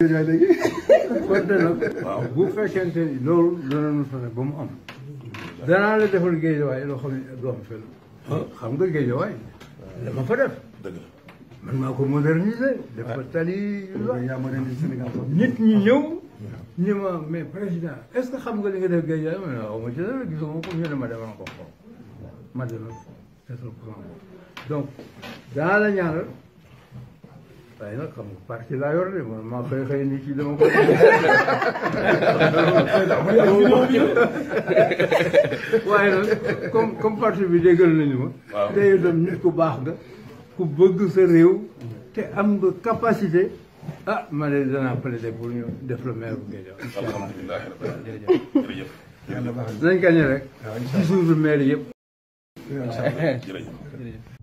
konte nag waaw bu fekkente ni loolu danañu sone ba mu am danaa la defal géejawaay loo xam ne doo am fenn xam nga géejawaay dama fa def man maa ko moderniser dafa tali nit ñi ñëw ni ma mais président est ce que xam nga li nga def géejawaay ma ne waaw ma ci dara gisuma ko ñu ne ma defoon ko ma defoon quatre pour cent donc danaa la ñaanal waaye nag xam nga parti laa yor de man maa xëy xëy ni ci dama ko. waaye nag comme comme parti bi déggal nañu ma. waaw tey itam nit ku baax nga. ku bëgg sa réew. te am nga capacité. ah ma ne danaa plaider pour ñu def le maire bu Guédiawaye. alhamdulilah jërëjëf jërëjëf. yàlla baax nañ kañ rek. waaw incha allah ci suuf maire yëpp. incha allah jërëjëf.